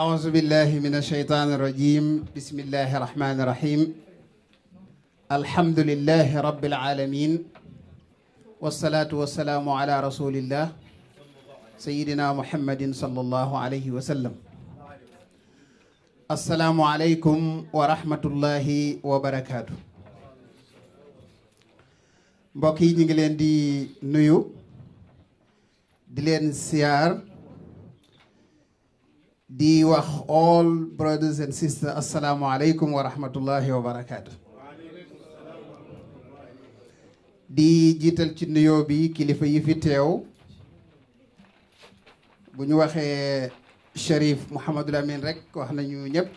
أعوذ بالله من الشيطان الرجيم بسم الله الرحمن الرحيم الحمد لله رب العالمين والصلاة والسلام على رسول الله سيدنا محمد صلى الله عليه وسلم السلام عليكم ورحمة الله وبركاته mbokk yi ñu ngi leen di nuyu di leen siyaar di wax all brothers and sisters asalaamualeykum wa rahmatullahi wa barakaatu. di jiital ci nuyoo bi kilifa yi fi teew bu ñu waxee Cherif Mouhamadul Amin rek wax nañu ñëpp.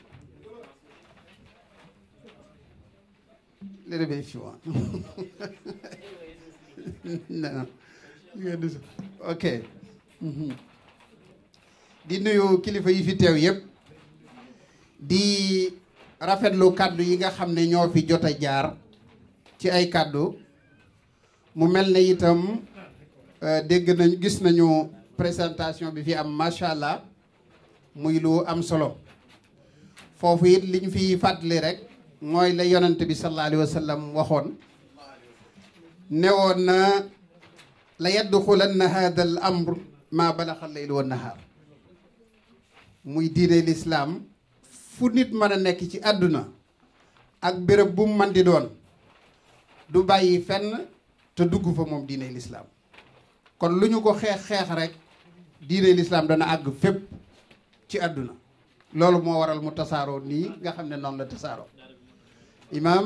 léeg ok. Mm-hmm. di nuyu kilifa yi fi teew yëpp di rafetlu kàddu yi nga xam ne ñoo fi jot a jaar ci ay kàddu mu mel ne itam euh, dégg nañ gis nañu présentation bi fi am macha allah muy lu am solo foofu it liñ fi fàttali rek mooy la yonent bi sallallahu alayhi wa sallam waxoon newoon na la yadxulanna hada al amr ma balaxa al layl wa nahaar muy diine lislaam fu nit mën nekk ci àdduna ak béréb bu mu man di doon du bàyyi fenn te dugg fa moom diine lislaam kon lu ñu ko xeex xeex rek diine lislaam dana àgg fépp ci àdduna loolu moo waral mu tasaaroo nii nga xam ne noonu la tasaaroo imaam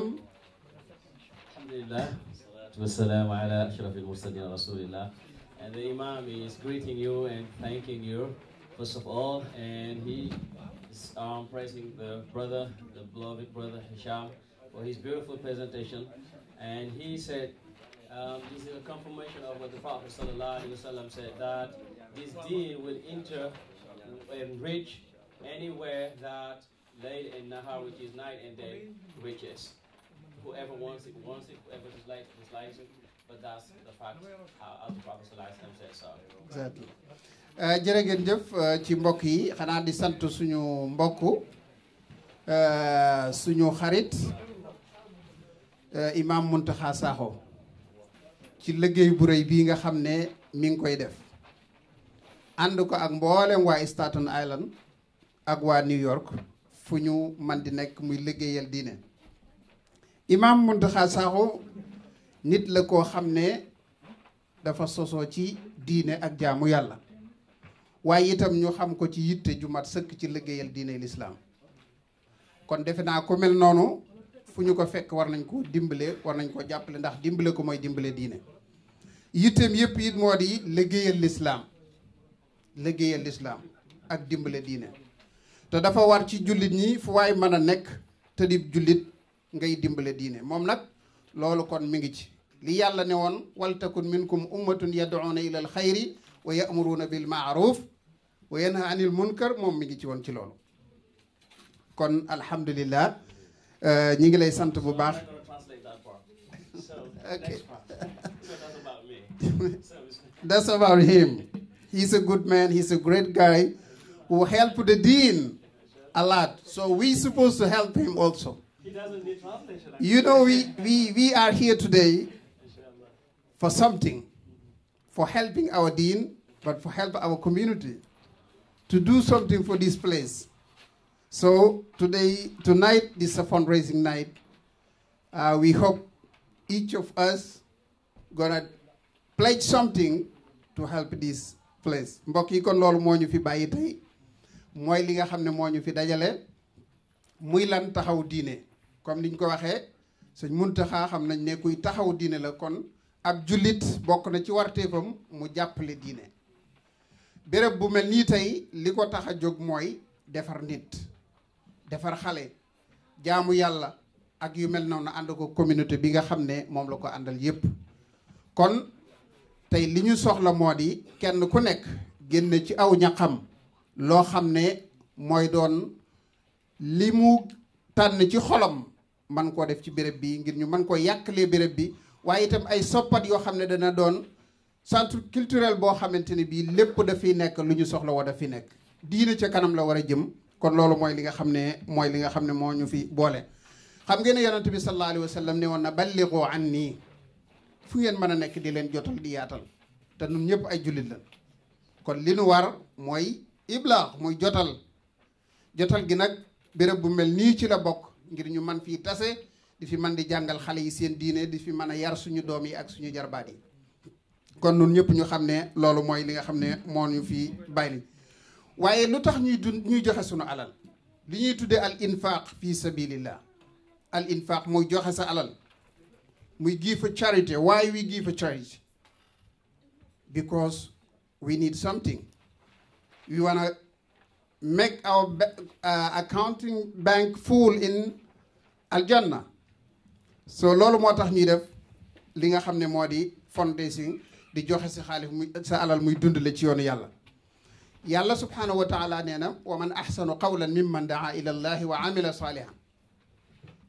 alhamdulillah salatu wassalamu ala ashrafil mursalin rasulillah first of all, and he is um, praising the brother, the beloved brother Hisham, for his beautiful presentation. And he said, um, this is a confirmation of what the Prophet ﷺ said, that this deed will enter and reach anywhere that late and nahar, which is night and day, reaches. Whoever wants it, wants it. Whoever dislikes it, dislikes it. But that's the fact, uh, as the Prophet ﷺ said so. Exactly. Euh, jërë ngeen jëf euh, ci mbokk yi xanaa di sant suñu mbokk euh, suñu xarit Imam Mountakha Sakho ci liggéey bu bii nga xam ne mi ngi koy def ànd ko ak mboolem waa Staten Island ak waa New York fu ñu man di nekk muy liggéeyal diine Imam Mountakha Sakho nit la koo xam ne dafa sosoo ci diine ak jaamu yàlla waaye itam ñu xam ko ci yitte ju mat sëkk ci liggéeyal diine lislaam kon defe naa ku mel noonu fu ñu ko fekk war nañ ko dimbale war nañ koo jàppale ndax dimbale ko mooy dimbale diine yitteem yëpp it moo di liggéeyal lislaam liggéeyal lislaam ak dimbale diine te dafa war ci jullit ñi fu waay mën a nekk te di jullit ngay dimbale diine moom nag loolu kon mi ngi ci li yàlla ne woon wal takun minkum ummatun yad'una ila al xayri wa ya'muruna bil ma'ruf wa yanha anil munkar moom mi ngi ci woon ci loolu kon alhamdulillah euh, ñi ngi lay sant bu baax okay that's about him a good man he's a great guy who helped the deen a lot so we supposed to help him also you know we are here today for something for helping our deen but for help our community to do something for this place. So today, tonight, this is a fundraising night. Uh, we hope each of us gonna pledge something to help this place. mbokk yi kon loolu moo ñu fi bàyyi tey mooy li nga xam ne moo ñu fi dajale muy lan taxaw diine comme niñ ko waxee sëñ Muntaxa xam nañ ne kuy taxaw diine la kon ab jullit bokk na ci warteefam mu jàppale diine. béréb bu mel nii tey li ko tax a jóg mooy defar nit defar xale jaamu yàlla ak yu mel noonu ànd ko communauté bi nga xam ne moom la ko àndal yépp kon tey li ñu soxla moo di kenn ku nekk génn ci aw ñaqam loo xam ne mooy doon li mu tànn ci xolom man koo def ci béréb bi ngir ñu man ko yàqlee béréb bi waaye itam ay soppat yoo xam ne dana doon centre culturel boo xamante ne bii lépp dafiy nekk lu ñu soxla woo dafiy nekk diine ca kanam la war a jëm kon loolu mooy li nga xam ne mooy li nga xam ne moo ñu fi boole xam ngeen ne yonent bi sallallahu alayhi wa ne woon na ballighu anni fu ngeen mën a nekk di leen jotal di yaatal te ñun ñëpp ay jullit la kon li nu war mooy iblaax muy jotal jotal gi nag béréb bu mel nii ci la bokk ngir ñu man fii tase di fi man di jàngal xale yi seen diine di fi mën a yar suñu doom yi ak suñu jarbaat yi kon nun ñëpp ñu xam ne loolu mooy li nga xam ne moo ñu fi bàyyi waaye lu tax ñuy du ñuy joxe sunu alal li ñuy tuddee al infaq fi sabilillah al infaq mooy joxe sa alal muy give for charity why we give for charity because we need something we wanna make our uh, accounting bank full in aljanna so loolu moo tax ñuy def li nga xam ne moo di fundraising di joxe si xaalis muy sa alal muy dundale ci yoonu yàlla yàlla subhaanahu wa taala nee na wa man ahsanu qawlan mimman daa ila llahi wa amila saalihan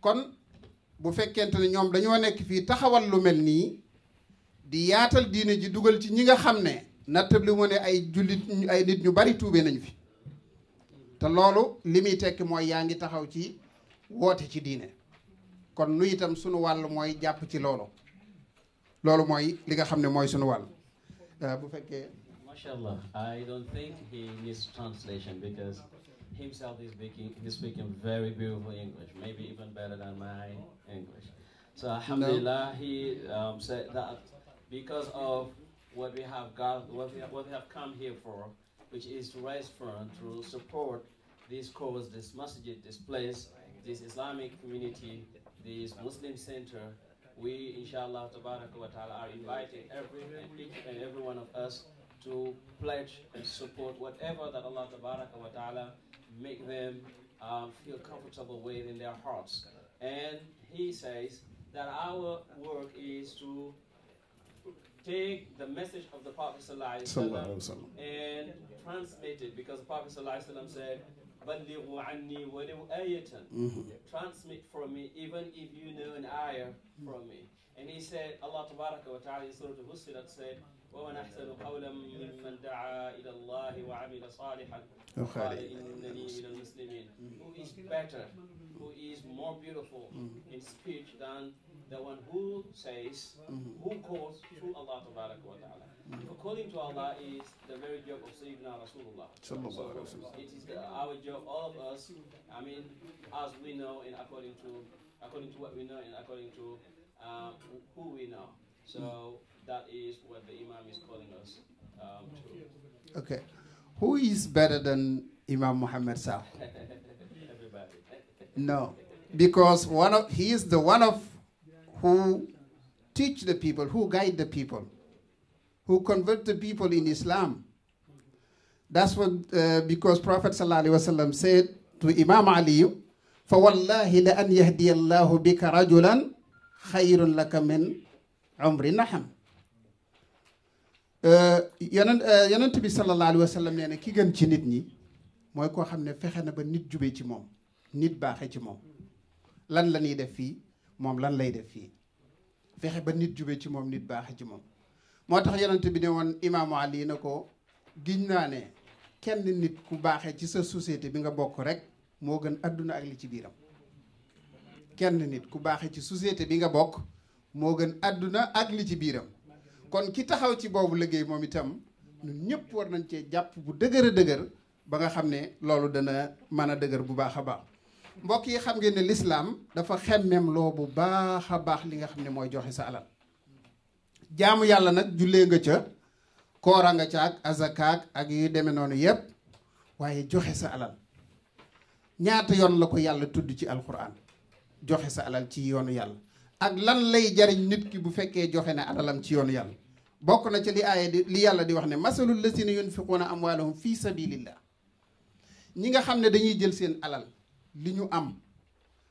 kon bu fekkente ne ñoom dañoo nekk fii taxawal lu mel nii di yaatal diine ji dugal ci ñi nga xam ne nattab li ay jullit ay nit ñu bari tuube nañu fi te loolu li muy tekki mooy yaa ngi taxaw ci woote ci diine kon nu itam sunu wàll mooy jàpp ci loolu loolu mooy li nga xam ne mooy sunu wàll euh, bu fekkee. macha allah I don't think he needs translation because himself is speaking he's very beautiful English maybe even better than my English. So alhamdulillah he um, said that because of what we have come here for this cause this masjid this place this Islamic community this Muslim center we, inshallah, tabaraka wa ta'ala, are inviting every one of us to pledge and support whatever that Allah tabaraka wa ta'ala make them um, feel comfortable And he says that our work is to take the message of the Prophet ﷺ and transmit it because the Prophet ﷺ said, بلغوا عني ولو آية transmit from me even if you know an ayah from me and he said Allah تبارك وتعالى in Surah Fussilat said ومن أحسن قولا ممن دعا إلى الله وعمل صالحا وقال إنني من المسلمين who is better who is more beautiful mm-hmm. in speech than the one who says mm-hmm. who calls to Allah تبارك وتعالى According to Allah is the very job of Sayyidina Rasulullah. So it is the, our job, all of us, I mean, as we know and according to according to what we know and according to um, who we know. So that is what the Imam is calling us um, to. Okay. Who is better than Imam Muhammad Sakho? Everybody. No. Because one of he is the one of who teach the people, who guide the people. who convert the people in Islam. That's what, uh, because Prophet ﷺ said to Imam Ali, فَوَاللَّهِ لَأَنْ يَهْدِيَ اللَّهُ بِكَ رَجُلًا خَيْرٌ لَكَ مِنْ عُمْرِ نَحَمٍ yonent uh, yonent bi sallallahu alayhi wa sallam nee na ki gën ci nit ñi mooy koo xam ne fexe na ba nit jube ci moom nit baaxe ci moom lan la ñuy def fii moom lan lay def fii fexe ba nit jube ci moom nit baaxe ci moom moo tax yonent bi ne woon imaamu Ali na ko giñ naa ne kenn nit ku baaxee ci sa société bi nga bokk rek moo gën àdduna ak li ci biiram kenn nit ku baaxee ci société bi nga bokk moo gën adduna ak li ci biiram kon ki taxaw ci boobu liggéey moom itam ñun ñëpp war nañ cee jàpp bu dëgër a dëgër ba nga xam ne loolu dana mën a dëgër bu baax a baax mbokk yi xam ngeen ne lislaam dafa xemmem loo bu baax a baax li nga xam ne mooy joxe sa alal jaamu yàlla nag jullee nga ca koora nga ca ak azakaak ak yu demee noonu yépp waaye joxe sa alal ñaata yoon la ko yàlla tudd ci alxuraan joxe sa alal ci yoonu yàlla ak lan lay jariñ nit ki bu fekkee joxe na alalam ci yoonu yàlla bokk na ca li aaya li yàlla di wax ne masalul lazina yunfiquuna amwaalahum fi sabilillah ñi nga xam ne dañuy jël seen alal li ñu am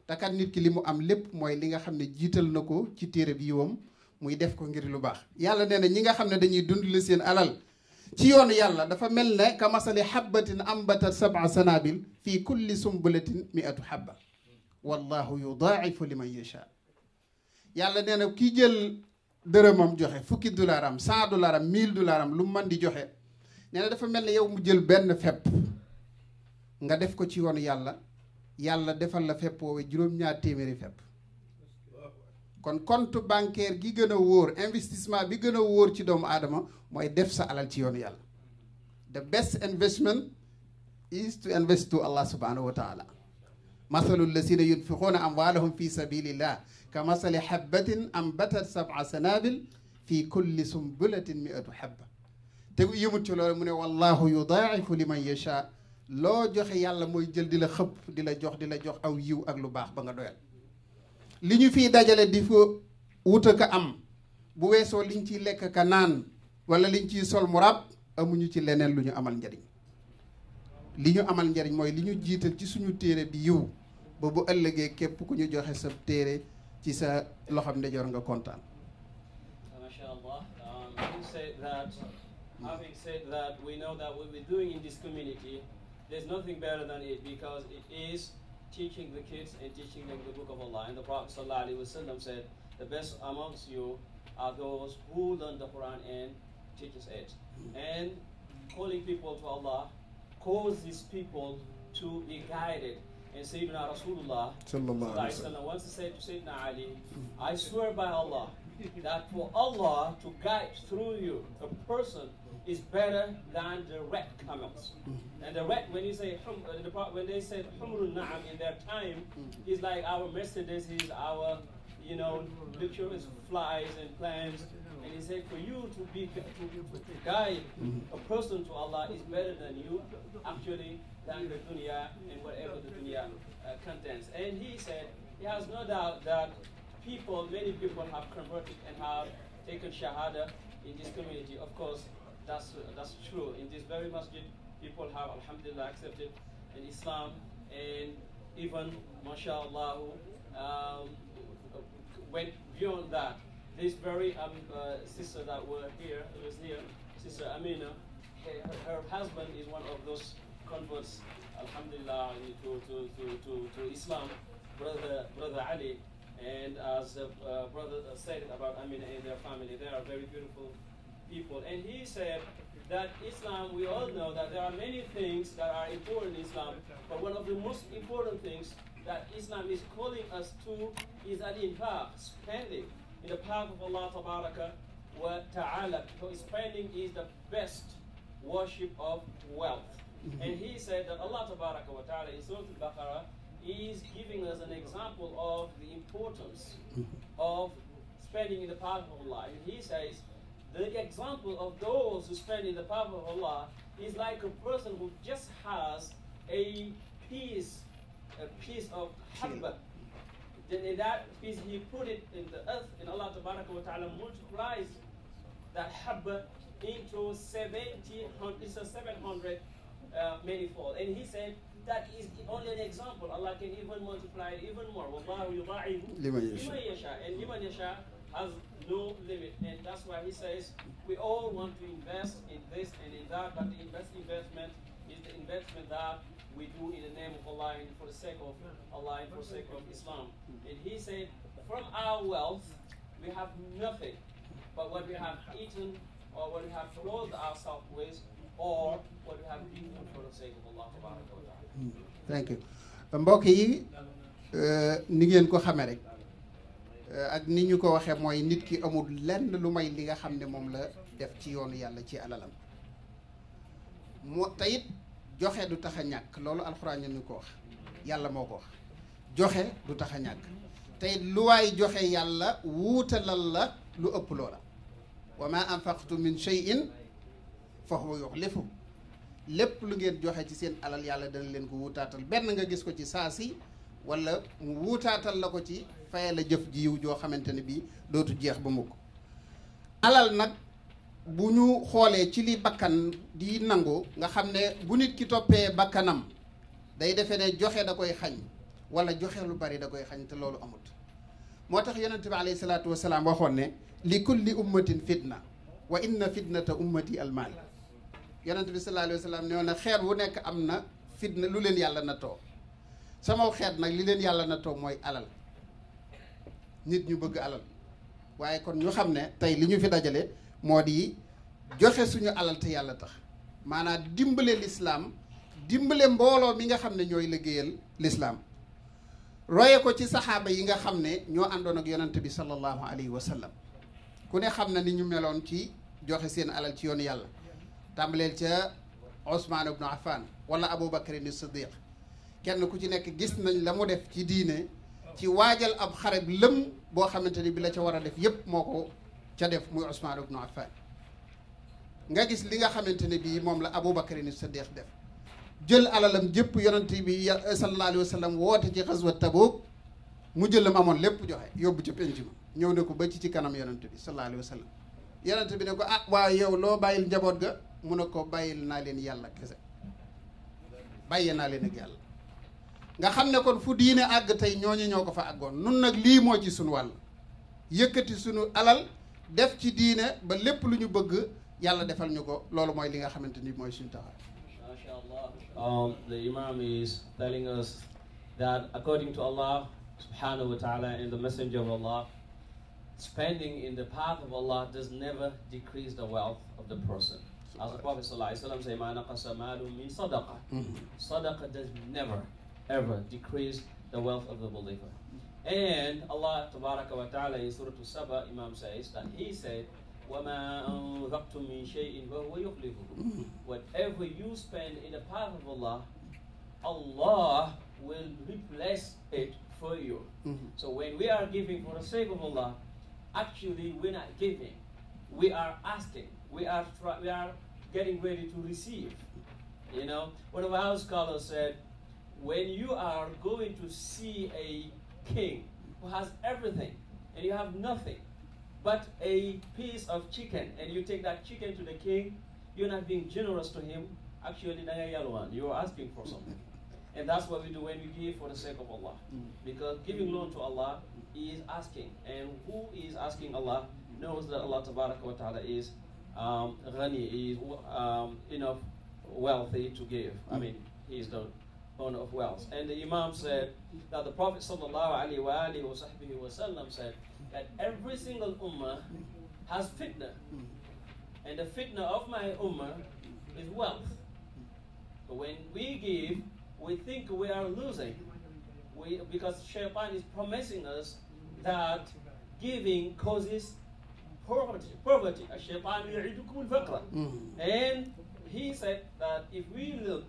te nit ki li mu am lépp mooy li nga xam ne jiital na ko ci téere yiwam muy def ko ngir lu baax yàlla nee na ñi nga xam ne dañuy dund li seen alal ci yoon yàlla dafa mel ne ka masali habbatin ambatat sab'a sanabil fii kulli sumbulatin mi'atu habba wallahu yudaa'ifu liman yasha yàlla nee na kii jël dërëmam joxe fukki dollaram cent dollaram mille dollaram lu man di joxe nee dafa mel ne yow mu jël benn fepp nga def ko ci yoonu yàlla yàlla defal la fepp woowe juróom-ñaar téeméeri fepp kon compte bancaire gi gën a wóor investissement bi gën a wóor ci doomu aadama mooy def sa alal ci yoonu yàlla the best investment is to invest to allah subhanahu wa taala mathalu lazina yunfiquuna amwaalahum fi sabilillah ka mathali habbatin ambatat sab'a sanabil fi kulli sumbulatin mi'atu habba te yëmut ci loolu mu ne wallahu yudaa'ifu liman yasha loo joxe yàlla mooy jël di la xëpp di la jox di la jox aw yiw ak lu baax ba nga doyal li ñu fi dajale di fa wut ka am bu weesoo liñ ciy lekk ka naan wala liñ ciy sol mu amuñu ci leneen lu ñu amal njariñ li ñu amal njariñ mooy li ñu jiital ci suñu téere di yiw ba bu ëllëgee képp ku ñu joxe sa téere ci sa loxam ndejoor nga kontaan. Masha um, teaching the kids and teaching the Book of Allah. And the Prophet ﷺ the best amongst you are those who learn the Quran and teaches it. And calling people to Allah causes people to be guided. And Sayyidina Rasulullah وسلم, once said to Sayyidina Ali, I swear by Allah that for Allah to guide through you a person is better than the red camels. Mm. And the red, when you say hum, the part when they said humrun na'am in their time, mm. is like our Mercedes, is our you know luxurious flies and plants. And he said, for you to be to, to guide mm. a person to Allah is better than you actually than the dunya and whatever the dunya uh, contains. And he said, he has no doubt that people, many people have converted and have taken shahada in this community. Of course, That's, that's true. In this very masjid, people have, alhamdulillah, accepted in Islam and even, mashallah, um, went beyond that. This very um, uh, sister that were here, was here, Sister Amina, her, her husband is one of those converts, alhamdulillah, to, to, to, to, to Islam, brother, brother Ali. And as uh, uh, brother said about Amina and their family, they are very beautiful people. And he said that Islam, we all know that there are many things that are important in Islam, but one of the most important things that Islam is calling us to is an infaq, spending in the path of Allah Tabaraka wa Ta'ala, because spending is the best worship of wealth. Mm-hmm. And he said that Allah Tabaraka wa Ta'ala in Surah Al-Baqarah is giving us an example of the importance mm-hmm. of spending in the path of Allah. And he says, The example of those who stand in the path of Allah is like a person who just has a piece, a piece of habba. Then in that piece he put it in the earth and Allah wa ta'ala multiplies that habba into 70, it's a 700 uh, manifold. And he said that is only an example. Allah can even multiply it even more. وَاللَّهُ يُضَاعِفُ لِمَنْ يَشَاءُ And لِمَنْ يَشَاءُ has no limit. And that's why we all want to invest in this and in that, investment is the investment of the sake of Islam. And he said, from our wealth, we have nothing but what we have eaten or what we have clothed ourselves with or what we have eaten for the sake of Allah. Hmm. Thank you. mbokk yi euh, ni ngeen ko xamee rek Euh, ak ni ñu ko waxee mooy nit ki amul lenn lu may li nga xam ne moom la def ci yoonu yàlla ci alalam moo teyit joxe du tax a ñàkk loolu alxuraan ñu ko wax yàlla moo ko wax joxe du tax a ñàkk teyit lu waay joxe yàlla wuutalal la lu ëpp loola wa ma anfaqtu min shay'in fa huwa yuxlifu lépp lu ngeen joxe ci seen alal yàlla dana leen ko wutaatal benn nga gis ko ci saa si wala mu wuutaatal la ko ci fayee la jëf ji joo xamante ne bii dootu jeex ba mukk alal nag bu ñu xoolee ci li bakkan di nangu nga xam ne bu nit ki toppee bakkanam day defe ne joxe da koy xañ wala joxe lu bari da koy xañ te loolu amut moo tax yonente bi alayhi salaatu wasalaam waxoon ne li kulli ummatin fitna wa inna fitnata ummati almaal yonente bi sallallahu alayhi wasallam nee na xeet wu nekk am na fitna lu leen yàlla na too sama xeet nag li leen yàlla na too mooy alal nit ñu bëgg alal waaye kon ñu xam ne tey li ñu fi dajale moo di joxe suñu alal te yàlla tax maanaam dimbale lislaam dimbale mbooloo mi nga xam ne ñooy liggéeyal lislaam roye ko ci saxaaba yi nga xam ne ñoo àndoon ak yonante bi sallallahu alayhi wa sallam ku ne xam na ni ñu meloon ci joxe seen alal ci yoon yàlla tàmbaleel ca Ousmane ibnu Affan wala Aboubacar ni Siddiq kenn ku ci nekk gis nañ la mu def ci diine ci waajal ab xare bi lëm boo xamante ni bi la ca war a def yépp moo ko ca def muy Ousmane ibnu Affan nga gis li nga xamante ne bii moom la Aboubacar ni Siddiq def jël alalam jëpp yonent bi eh, sallallahu alayhi wa sallam woote ci xaswa Tabuk mu jël la mu amoon lépp joxe yóbbu ca penc ma ñëw ne ko ba ci ci kanam yonent bi sallallahu alayhi wa bi ne ko ah waaye yow loo bàyyil njaboot ga mu ne ko bàyyil naa leen yàlla kese bàyyee naa leen ak yàlla nga xam ne kon fu diine àgg tey ñooñu ñoo ko fa àggoon nun nag lii moo ci sunu wàll yëkkati suñu alal def ci diine ba lépp lu ñu bëgg yàlla defal ñu ko loolu mooy li nga xamante ni mooy suñu taxawaay. Um, the Imam is telling us that according to Allah subhanahu wa the messenger of Allah in the path of Allah does never decrease the wealth of the person as the Prophet say ma naqasa malun min sadaqa mm-hmm. sadaqa does never ever decrease the wealth of the believer. And Allah wa ta'ala in Surah Saba, Imam says that He said, وَمَا أَنْفَقْتُم مِّن شَيْءٍ فَهُوَ يُخْلِفُهُ Whatever you spend in the path of Allah, Allah will replace it for you. Mm -hmm. So when we are giving for the sake of Allah, actually we're not giving. We are asking. We are, we are getting ready to receive. You know, one of our scholars said, when you are going to see a king who has everything and you have nothing but a piece of chicken and you take that chicken to the king, you're not being generous to him. Actually, you are asking for something. And that's what we do when we give for the sake of Allah. Because giving loan to Allah is asking. And who is asking Allah knows that Allah wa ta'ala is um, ghani, is um, enough wealthy to give. I mean, he is the owner of wells. And the Imam said that the Prophet وسلم, said that every single ummah has fitna. And the fitna of my ummah is wealth. So when we give, we think we are losing. We, because Shaitan is promising us that giving causes poverty. Poverty. Mm. And he said that if we look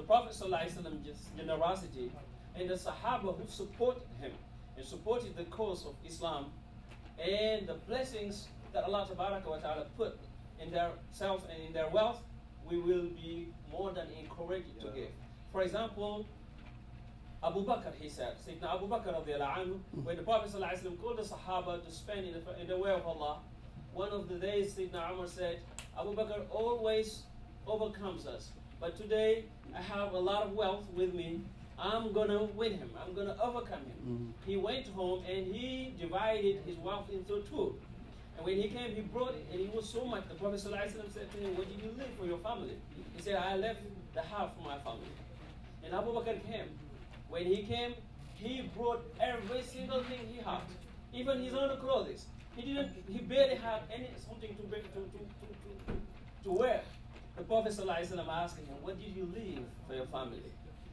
the Prophet Prophet's generosity and the Sahaba who supported him and supported the cause of Islam and the blessings that Allah Ta'ala put in their self and in their wealth, we will be more than encouraged yeah. to give. For example, Abu Bakr, he said, Sayyidina Abu Bakr anhu, mm-hmm. when the Prophet ﷺ called the Sahaba to spend in the, in the way of Allah, one of the days Sayyidina Umar said, Abu Bakr always overcomes us. But today I have a lot of wealth with me. I'm gonna win him. overcome him. Mm-hmm. He went home and he divided his wealth into two. when he came, he brought it, was so much. The Prophet ﷺ said to him, "What did you leave for your family?" He said, "I left the half for my family." And Abu came. When he came, he brought every single thing he had, even his own clothes. He didn't. He barely had any something to bring, The Prophet ﷺ asked him, What did you leave for your family?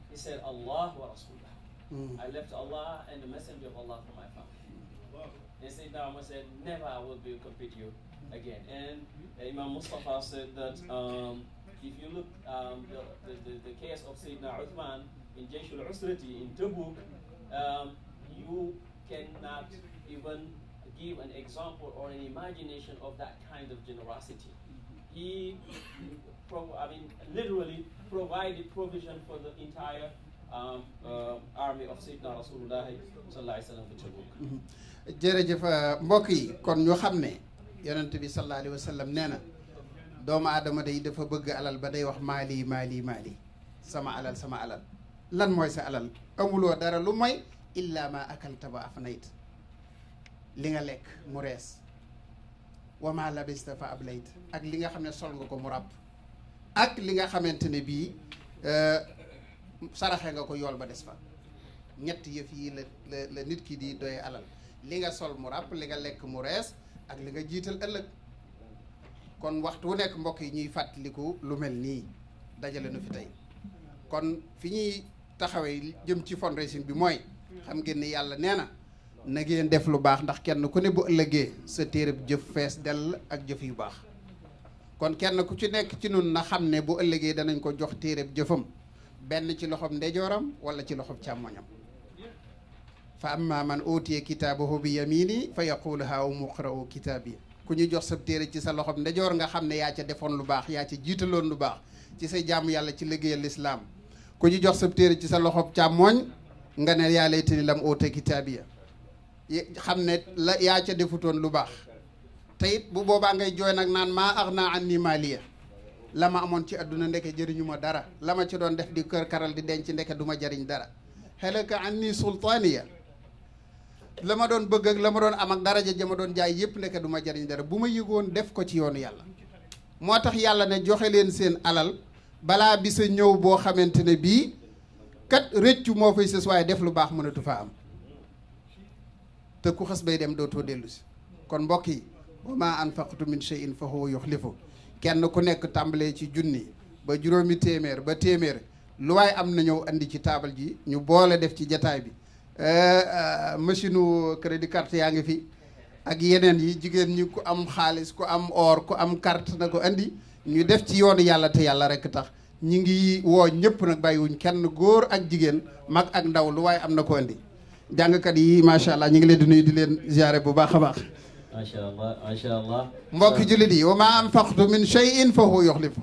He said, Allah wa Rasulah. Mm. I left Allah and the Messenger of Allah for my family. And Sayyidina Umar said, Never I will be compete you again. And Imam Mustafa said that hmm. um, if you look um, the, the, the, case of Sayyidina Uthman in Jayshul Usrati in Tabuk, um, you cannot even give an example or an imagination of that kind of generosity. he, I mean, literally um, uh, mhm. uh, mbokk yi kon ñu xam ne yonent bi sallallahu alayhi wa sallam nee na doomu aadama day dafa bëgg alal ba day wax maali maali sama alal sama alal lan mooy sa alal amuloo dara lu mooy illa ma akalta ba afnayt li nga lekk mu rees. wa la labista fa ab ablayt ak li nga xam ne sol nga ko mu ràbb ak li nga xamante ne bii euh, saraxe nga ko yool ba des fa ñett yëf yi la la nit ki di doy alal li nga sol mu ràpp li nga lekk mu rees ak li nga jiital ëllëg kon waxtu nekk mbokk yi ñuy fàttaliku lu mel nii dajale nu fi tey kon fi ñuy taxawee jëm ci fundraising bi mooy xam ngeen ni yàlla nee na na ngeen def lu baax ndax kenn ku ne bu ëllëgee sa téereb jëf fees dell ak jëf yu baax kon kenn ku ci nekk ci nun na xam ne bu ëllëgee danañ ko jox téereb jëfam benn ci loxob ndejooram wala ci loxob càmmoñam fa amma man utiya kitaabahu bi yamini fa yaqulu haa muqra'u kitaabi ku ñu jox sa téere ci sa loxob ndejoor nga xam ne yaa ca defoon lu baax yaa ca jiitaloon lu baax ci say jaamu yàlla ci liggéeyal lislaam ku ñu jox sa téere ci sa loxob càmmooñ nga ne yaa laytani lam uta kitaabiya xam ne la yaa ca defutoon lu baax te it bu boobaa ngay jooy nag naan maa ax naa an ni maaliya la ma amoon ci àdduna ndeke jëriñu ma dara la ma ci doon def di kër karal di denc ndeke du ma jëriñ dara xelaka an ni sultaaniya la ma doon bëgg ak la ma doon am ak daraja ja ma doon jaay yëpp ndeke duma jariñ dara bu ma yëgoon def ko ci yoonu yàlla moo tax yàlla ne joxe leen seen alal balaa bi sa ñëw boo xamante ne bii kat rëccu moo fay sës waaye def lu baax mënatu faa am te ku bay dem dootoo dellu si kon mbokk yi wa maa anfaqtu min shay'in fa huwa yuxlifu kenn ku nekk tàmbalee ci junni ba juróomi téeméer ba téeméer lu waaye am na ñëw andi ci taabal ji ñu boole def ci jataay bi eh, eh, machine u crédit carte yaa ngi fi ak yeneen yi jigéen ñi ku am xaalis ku am or ku am carte na ko indi ñu def ci yoonu yàlla te yàlla rek tax ñi ngi woo ñëpp nag bàyyiwuñ kenn góor ak jigéen mag ak ndaw lu waaye am na ko indi jàngkat yi macha allah ñu ngi leen di nuyu di leen ziare bu baax a baax. macha allah macha allah. mbokki jullit yi wa maa anfaqtu min shay'in fa huwa yuxlifu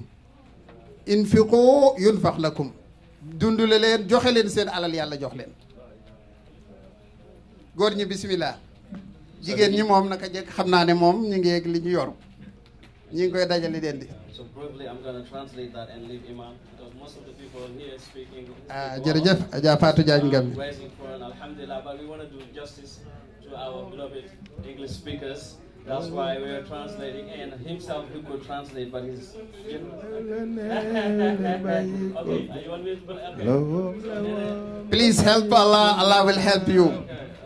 fax yunfax lakum dundule leen joxe leen seen alal yàlla jox leen. góor ñi bisimilah. jigéen ñi moom naka jekk xam naa ne moom ñu ngi yegg li ñu yor. ñi ngi koy dajale leen di. so briefly I'm going to translate that and leave Imam because most of the people here speaking. ah jërëjëf Adja Fatou Diagne um, Gambi. raising foreign alhamdulillah but we want to do justice to our beloved English speakers. That's why we are translating and himself he could translate but he's you know, okay. okay. Please help Allah, Allah will help you. Okay.